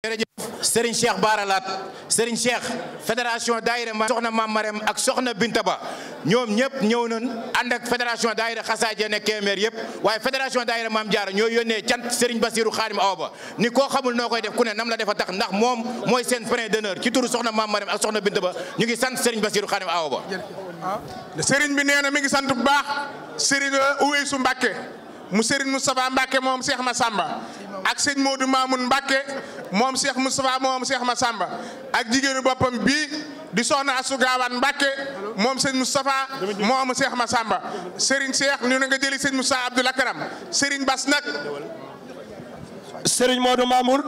jërëjëf Serigne Cheikh Baaralaat Serigne Cheikh fédération Daayira ma soxna Maam Marème ak soxna Binta Ba ñoom ñëpp ñëw na ànd ak fédération Daayira Xasaaje nekk Kemer yëpp waaye fédération Daayira Maam Jaara ñoo yónnee cant Serigne Bassirou Khadim Awa Ba ni koo xamul noo koy def ku ne nam la defa tax ndax moom mooy seen point d'honneur ci turu soxna Maam Marème ak soxna Binta Ba ñu ngi sant Serigne Bassirou Khadim Awa Ba. Ah. Serigne bi nee mi ngi sant baax Serigne Uweysu Mbàkke mu Serigne Moustapha Mbacke moom seex Cheikh Massamba ak sëñ Modou Mamoun mbake moom Cheikh Moustapha moom ma Massamba ak jigéenu boppam bii di soxna Assou Gawane Mbacke moom sëñ Moustapha moom seex ma Serigne Cheikh ñu ne nga jëli sëñ Moustapha Abdoul Akram Serigne Bass nag. Serigne Modou Mamoun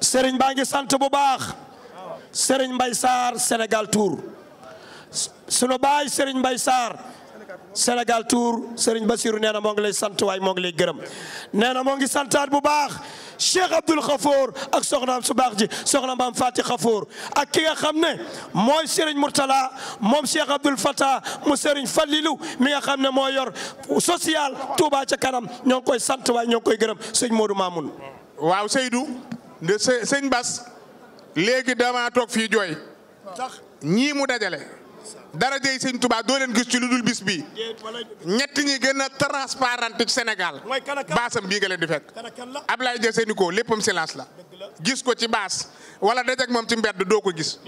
Serigne baa ngi sant bu baax Serigne mbay Sarr Sénégal Tour sunu baay Serigne Mbaye Sarr. Sénégal Tour Serigne Bassirou nee na moo ngi lay sant waaye moo ngi lay gërëm nee na moo ngi santaat bu baax Cheikh Abdoul Khafour ak soxna su baax ji soxna maam Fati Khafour ak ki nga xam ne mooy Serigne Mourtala moom Cheikh Abdoul Fatah mu Serigne Fallilou mi nga xam ne moo yor social Touba ca kanam ñoo koy sant waaye ñoo ngi koy gërëm sëñ Modou Mamoun. waaw Seydou de sëñ Bass léegi damaa toog fii jooy ñii mu dajale. dara jëy sëñ Touba doo leen gis ci lu dul bis bi ñett ñi gën a transparent ci Sénégal baasam bii nga leen di fekk Ablaye Dia Sénico léppam silence la gis ko ci baas wala dajak moom ci mbedd doo ko gis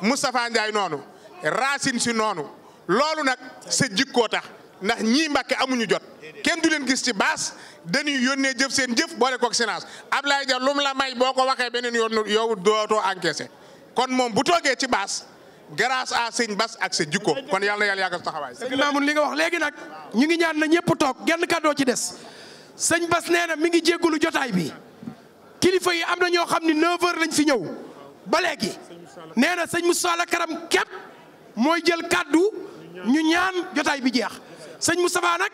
Moustapha Ndiaye noonu Racine si noonu loolu nag sa jikkoo tax ndax ñii Mbàkke amuñu jot kenn du leen gis ci baas dañuy yónnee jëf seen jëf boole koog silence Ablaye Dia lu mu may boo ko waxee beneen yoon yow dootoo encaissé kon moom bu toogee ci baas grâce à sëñ bas ak sa jikko kon yàlla na yàlla yàggal taxawaay. sëñ Mamoun li nga wax léegi ñu ngi ñaan na ñëpp toog genn kàddoo ci des sëñ Bass nee na mi ngi jéggulu jotaay bi kilifa yi am na ñoo xam ne 9h lañ fi ñëw ba léegi nee na sëñ Moussa la Karam képp mooy jël kàddu ñu ñaan jotaay bi jeex sëñ Moussa Ba nag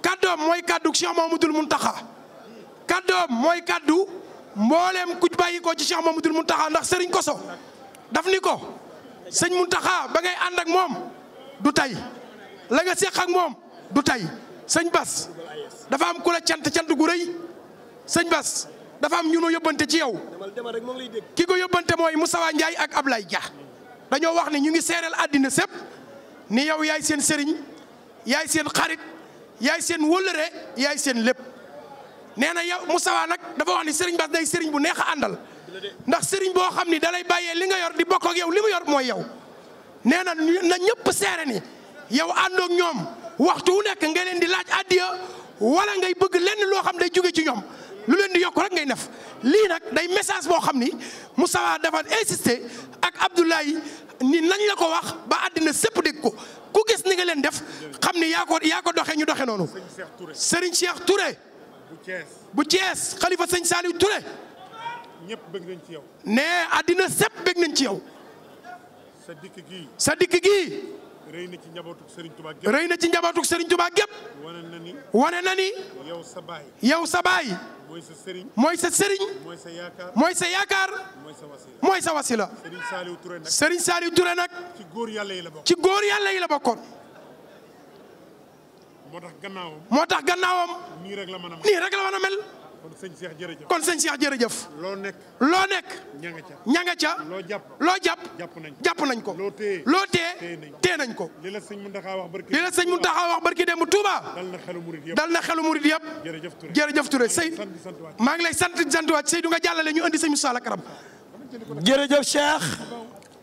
kaddoom mooy kàddu kaddu Cheikh Mamadou Mountakha kaddoom mooy kàddu mbooleem ku bàyyi ko ci Cheikh Mamadou Mountakha ndax sëriñ Koso daf ni ko. sëñ Muntaxa ba ngay ànd ak moom du tey la nga seq ak moom du tey sëñ Bas dafa am ku la cant cant gu rëy sëñ Bas dafa am ñu nu yóbbante ci yow ki ko yóbbante mooy mu sawaa Ndiaye ak Ablaye jaa dañoo wax ne ñu ngi seereel àddina sépp ni yow yaay seen sëriñ yaay seen xarit yaay seen wëllëre yaay seen lépp nee na yaw mu Moustapha nag dafa wax ni sëriñ Bas day sëriñ bu neex a àndal. ndax sëriñ boo xam ni dalay bàyyee li nga yor di bokk ak li mu yor mooy yow nee na na ñëpp seere ni yow àndoog ñoom waxtu wu nekk ngay leen di laaj addiya wala ngay bëgg lenn loo xam day jóge ci ñoom lu leen di yokk rek ngay def lii nag day message boo xam ni Moussa dafa insister ak Abdoulaye ni nañ la ko wax ba àddina sépp dégg ko ku gis ni nga leen def xam ni yaa ko yaa ko doxee ñu doxee noonu Serigne Cheikh Touré bu Thiès xalifa sëñ Saliou Touré ñëpp bëgg nañ ci yow. nee àddina sépp bëgg nañ ci yow. sa dikk gi sa dikk gii. rëy na ci njabootuk Serigne Touba gépp. na ci njabootuk Serigne Touba gépp. wane na ni. wane yow sa baay. yow sa mooy sa Serigne. mooy sa mooy sa yaakaar. mooy sa yaakaar. mooy sa wasila. mooy sa wasila. Serigne Saliou ci góor yàlla yi la ci góor yàlla yi la bokkoon. moo tax gannaawam. moo tax gannaawam. nii rek la mën mel. kon sëñ Cheikh jërëjëf kon sëñ Cheikh jërëjëf. loo nekk loo nekk. ña nga ca ña nga ca. loo jàpp loo jàpp. jàpp nañ ko jàpp nañ ko. loo téye loo téye téye nañ ko. li la sëñ Mountakha wax barki. li la sëñ Mountakha wax barki démb Touba. dal na xelu murid yëpp dal na xelu murid yëpp. jërëjëf Touré jërëjëf Touré Seydou. maa ngi lay sant di sant waat Seydou nga jàllale ñu andi sëñ Moussa Karam. jërëjëf Cheikh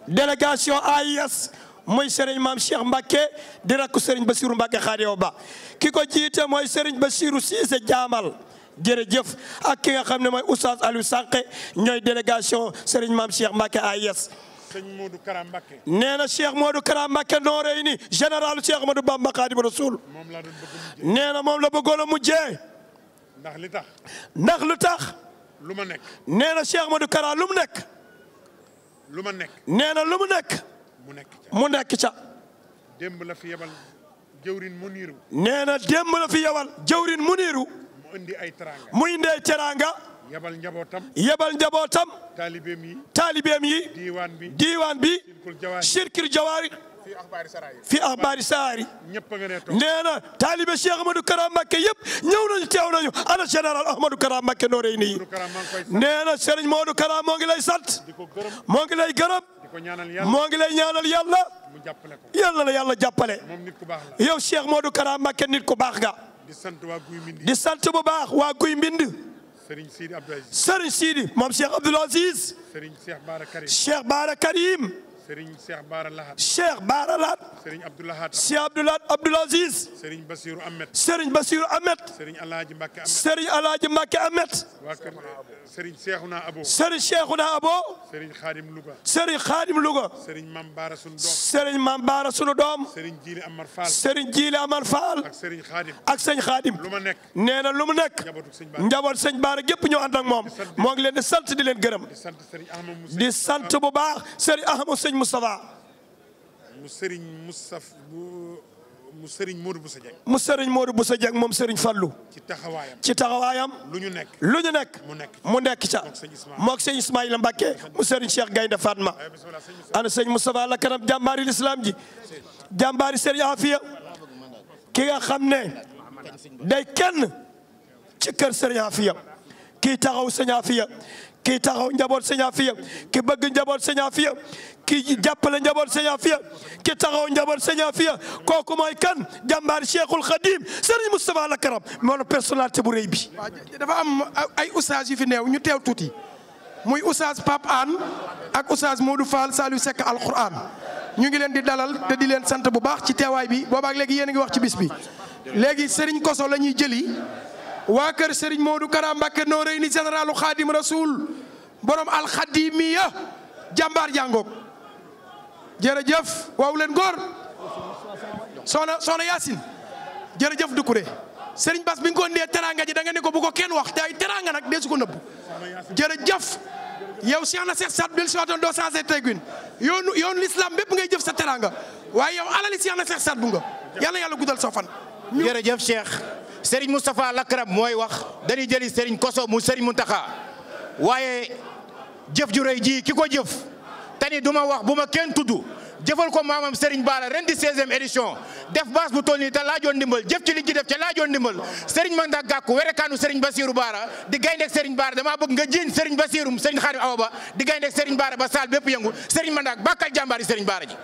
délégation AIS. mooy Serigne maam Cheikh Mbacke di rakku Serigne Bassirou Mbacke Xaadim Ba ki ko jiite mooy Serigne Bassirou Cissé jaamal jërëjëf ak ki nga xam ne mooy oustaz Aliou Sànqe ñooy délégation Serigne Mame Cheikh Mbacke AIS. sëñ Modou Kara Mbacke. nee na Cheikh Modou Kara Mbacke noo rey ni général Cheikh Ahmadou Bamba Khadimu Rasul. nee na moom la bëggoon a mujjee. ndax li tax. ndax lu tax. lu ma nekk. nee na Cheikh Modou Kara mu nekk. lu ma nekk. nee na lu mu nekk. mu nekk ca la fi yebal jëwrin mu niiru. nee na démb mu niiru. indi ay teraanga mu indi ay yebal njabootam yebal njabootam taalibeem yi taalibeem diiwaan bi diiwaan bi shirkil jawaari fi axbaari saraari fi axbaari saraari ñëpp nga ne toog nee na taalibe yëpp ñëw nañu teew nañu ana général Ahmadou Kara Mbacké noo rey nii nee na Serigne Modou Kara moo ngi lay sant moo ngi lay gërëm moo ngi lay ñaanal yàlla yàlla la yàlla jàppale yow Cheikh Modou Kara Mbacké nit ku baax nga di sant waa Guy sant bu baax waa Guy Mbind. Serigne Sidi Abdou Aziz. Serigne moom Cheikh Abdoul Aziz. Serigne Cheikh Bara Karim. Serigne Cheikh Baara Lahat. Cheikh Baara Lahat. Serigne Abdou Lahat. Cheikh Abdou Lahat Abdoul Aziz. Serigne Bassirou Ahmed. Serigne Bassirou Ahmed. Serigne Alhaji Mbacke Ahmed. Serigne Alhaji Mbacke Ahmed. waa kër eh, Serigne Cheikhouna Abo. Serigne Cheikhouna Abo. Serigne Khadim Louga. Serigne Khadim Louga. Serigne Mame Baara sunu doom. Serigne Mame Baara sunu doom. Serigne Djili Amar Fall. Serigne Djili Amar Fall. ak ak Serigne lu ma nekk. nee na lu mu nekk. njaboot Sëñ Baara gépp ñoo ànd ak moom. moo ngi leen di sant di leen gërëm. di sant bu baax Serigne Ahmadou sëñ Moustapha. mu sëriñ Moustapha mu sëriñ Modou Boussa Dieng. mu sëriñ Modou Boussa Dieng moom sëriñ Fallou. ci taxawaayam ci taxawaayam. lu ñu nekk lu ñu nekk. mu nekk mu nekk ca. moog sëñ Ismaïla Mbacké mu sëriñ Cheikh Gaynde Fatma. ana sëñ Moustapha la kanam jàmbaari lislaam ji. jàmbaari sëriñ Afiya ki nga xam ne day kenn ci kër sëriñ Afiya kii taxaw sëriñ Afiya kii taxaw njaboot sëñ Afia ki bëgg njaboot sëñ Afia ki jàppale njaboot sëñ Afia ki taxaw njaboot sëñ Afia kooku mooy kan jàmbaar Cheikhul Khadim Serigne Moustapha Lakaram moom personnalité bu rëy bi. dafa am ay oustaz yu fi neew ñu teew tuuti muy oustaz Pape Anne ak oustaz Modou Fall sekk Seck alquran ñu ngi leen di dalal te di leen sant bu baax ci teewaay bi boobaak léegi yéen a ngi wax ci bis bi léegi Serigne Koso la ñuy jëli. waa kër Serigne Modou Kara Mbacké noo rëy ni généralu Khadim Rasoul borom alxadimiya jàmbaar jàngoog jërëjëf waaw leen góor soxna soxna Yacine jërëjëf Doucouré Serigne Bass bi nga ko teraanga ji da nga ne bu ko kenn wax te ay teraanga nag dee su ko nëbb jërëjëf yow Cheikh na Cheikh Saad Bel si waatoon doo changé teguin yoonu yoonu l'islam bépp ngay jëf sa teraanga waaye yow alali Cheikh na Cheikh Saad bu nga yàlla yàlla guddal sa fan. jërëjëf Serigne Moustapha Lakram mooy wax dañuy jëli Serigne Koso mu Serigne Mountakha waaye jëf ju rëy ji ki ko jëf tani duma wax bu ma kenn tudd jëfal ko maamam Serigne Bara rendi di 16 def baas bu toll nii ta laajoon ndimbal jëf ci liñ ci def ca laajoon ndimbal Serigne Manda Gàkku werekaanu Serigne Bassirou Bara di gaynde seriñ Serigne Bara damaa bëgg nga jiin Serigne Bassirou Serigne Xaadim Awa Ba di gaynde seriñ Serigne Bara ba saal bépp yëngu Serigne Manda bàkkal jàmbaari Serigne Bara ji.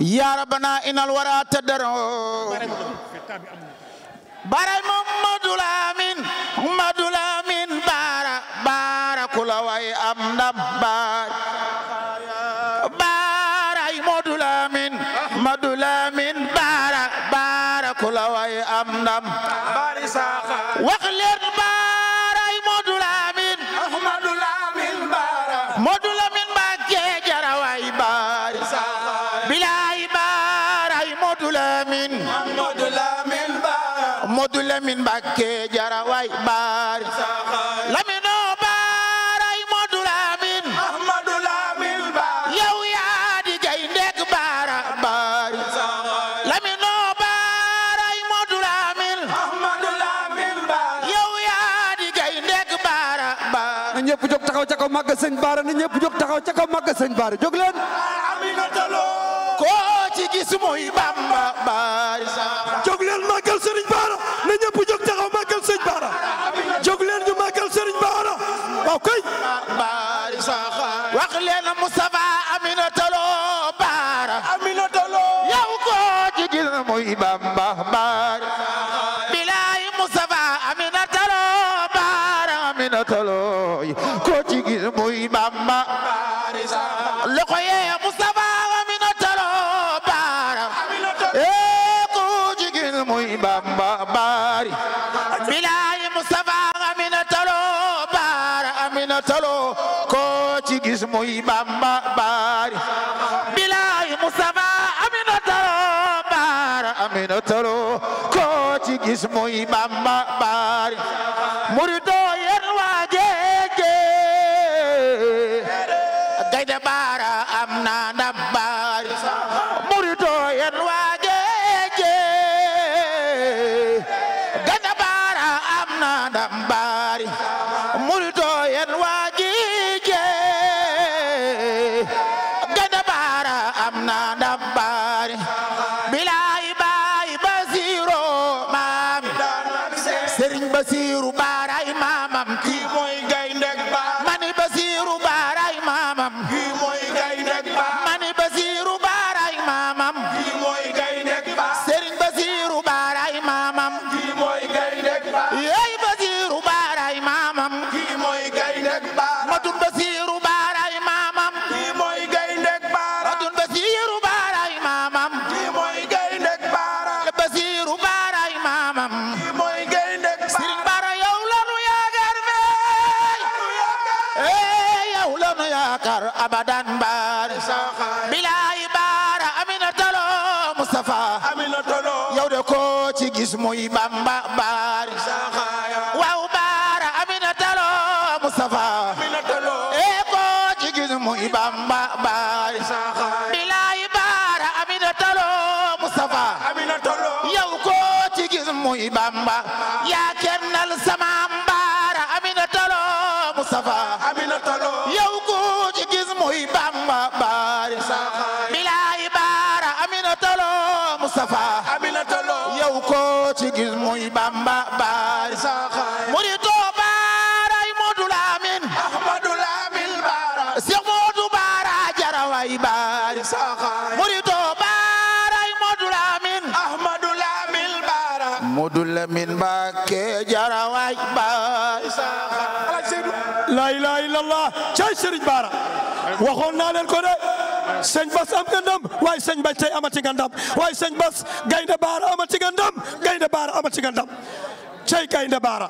yaa rabbana inal wara baral Mamadou Lamine Mamadou Lamine baara baara ku way am ndam baar baaray Mamadou Lamine Mamadou Lamine am ndam bari saxa wax leen baaray Mamadou Lamine Mamadou Lamine baara Lamin Mbakke jara way baari Lamin oo baaray Moodu Lamin Ahmadu Lamin baari yow yaa di gayndeeg baara baari Lamin oo baaray Moodu Lamin baara baari na ñëpp jóg taxaw ca kaw màgg baara na ñëpp jóg taxaw ca kaw màgg baara jóg leen Aminata Lo koo ci gis muy Bamba baay sa jóg leen màggal Sëriñ Baara na ñëpp jóg taxaw màggal Sëriñ Baara jóg leen ñu màggal Sëriñ Baara waaw kay baay sa wax leen Mustafa Aminata Lo Baara Baara Aminata Lo koo ci gis muy Bamba na talo ko ci gis muy Bamba baari bilaay Mustafa amina talo baara amina talo ko ci gis muy Bamba baari murito maamam abadan baar bilaay baara aminatalo Mustafa aminatalo yow de ko ci gis Bamba baar waaw baara aminatalo Mustafa e ko ci gis muy Bamba baar bilaay baara Mustafa aminatalo yow ci gis muy Bamba yaa kennal sama baara aminatalo Mustafa Aminata Lo yow ko ci gis muy Bamba baay saxa murito baaray Modou Lamine Ahmadou Lamine baara Cheikh Modou baara jaraway baay saxa murito baaray Modou Lamine Ahmadou Lamine baara Modou Lamine Mbacké jaraway baay saxa la ilaha illallah cay Serigne Bara waxoon naa leen ko de sëñ Bas am nga waaye sëñ Bac tey amati nga waaye sëñ Bas gaynde baara amati nga ndam gaynde baara amati nga ndam cey baara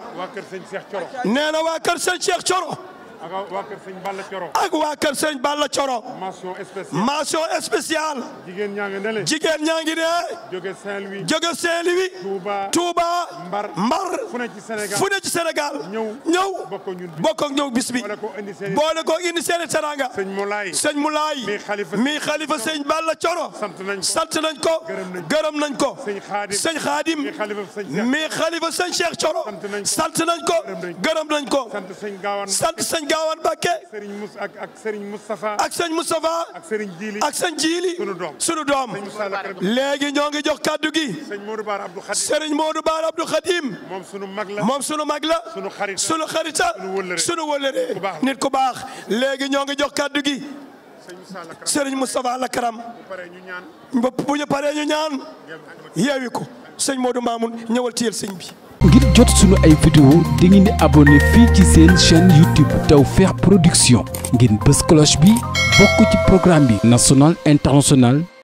nee waa kër sëñ Cheikh Coro ak waa kër sëñ Balla Coro. ak waa kër sëñ Balla Coro. mention spéciale. mention spéciale. jigéen ñaa ngi ne. jigéen ñaa ngi ne. jóge Saint-Louis. jóge Saint-Louis. Touba. Touba. Mbar. Mbar. fu ne ci senegal fu ne ci Sénégal. ñëw ñëw bokk ak ñëw bis bi. boole ko indi seen i. boole ko indi seen i teraanga. sëñ Moulay. xalifa mi xalifa sëñ Balla Coro. sant nañ ko sant nañ ko. gërëm nañ ko. sëñ Xaadim. mi xalifa sëñ Cheikh Coro. sant nañ ko gërëm nañ ko. sant sëñ Gaawaan Mbàkke sëriñ Mous ak ak sëriñ Moustapha ak sëriñ Moustapha ak sëriñ Jiili ak sëriñ Jiili sunu doom sunu doom ñoo ngi jox kàddu gi sëriñ Modou Baar Abdou Khadim sëriñ Modou Baar Abdou moom sunu mag la moom sunu mag la sunu xarit sunu xarita sunu wëllëre nit ku baax léegi ñoo ngi jox kàddu gi sëriñ Moustapha Lakaram bu ñu paree ñu ñaan yeewi ko sëñ Modou Mamoun ñëwal tiyel sëñ bi ngir jot sunu ay vidéo di ngeen di abonné fii ci seen chaîne YouTube feex Production ngir bës cloche bi bokk ci programme bi national international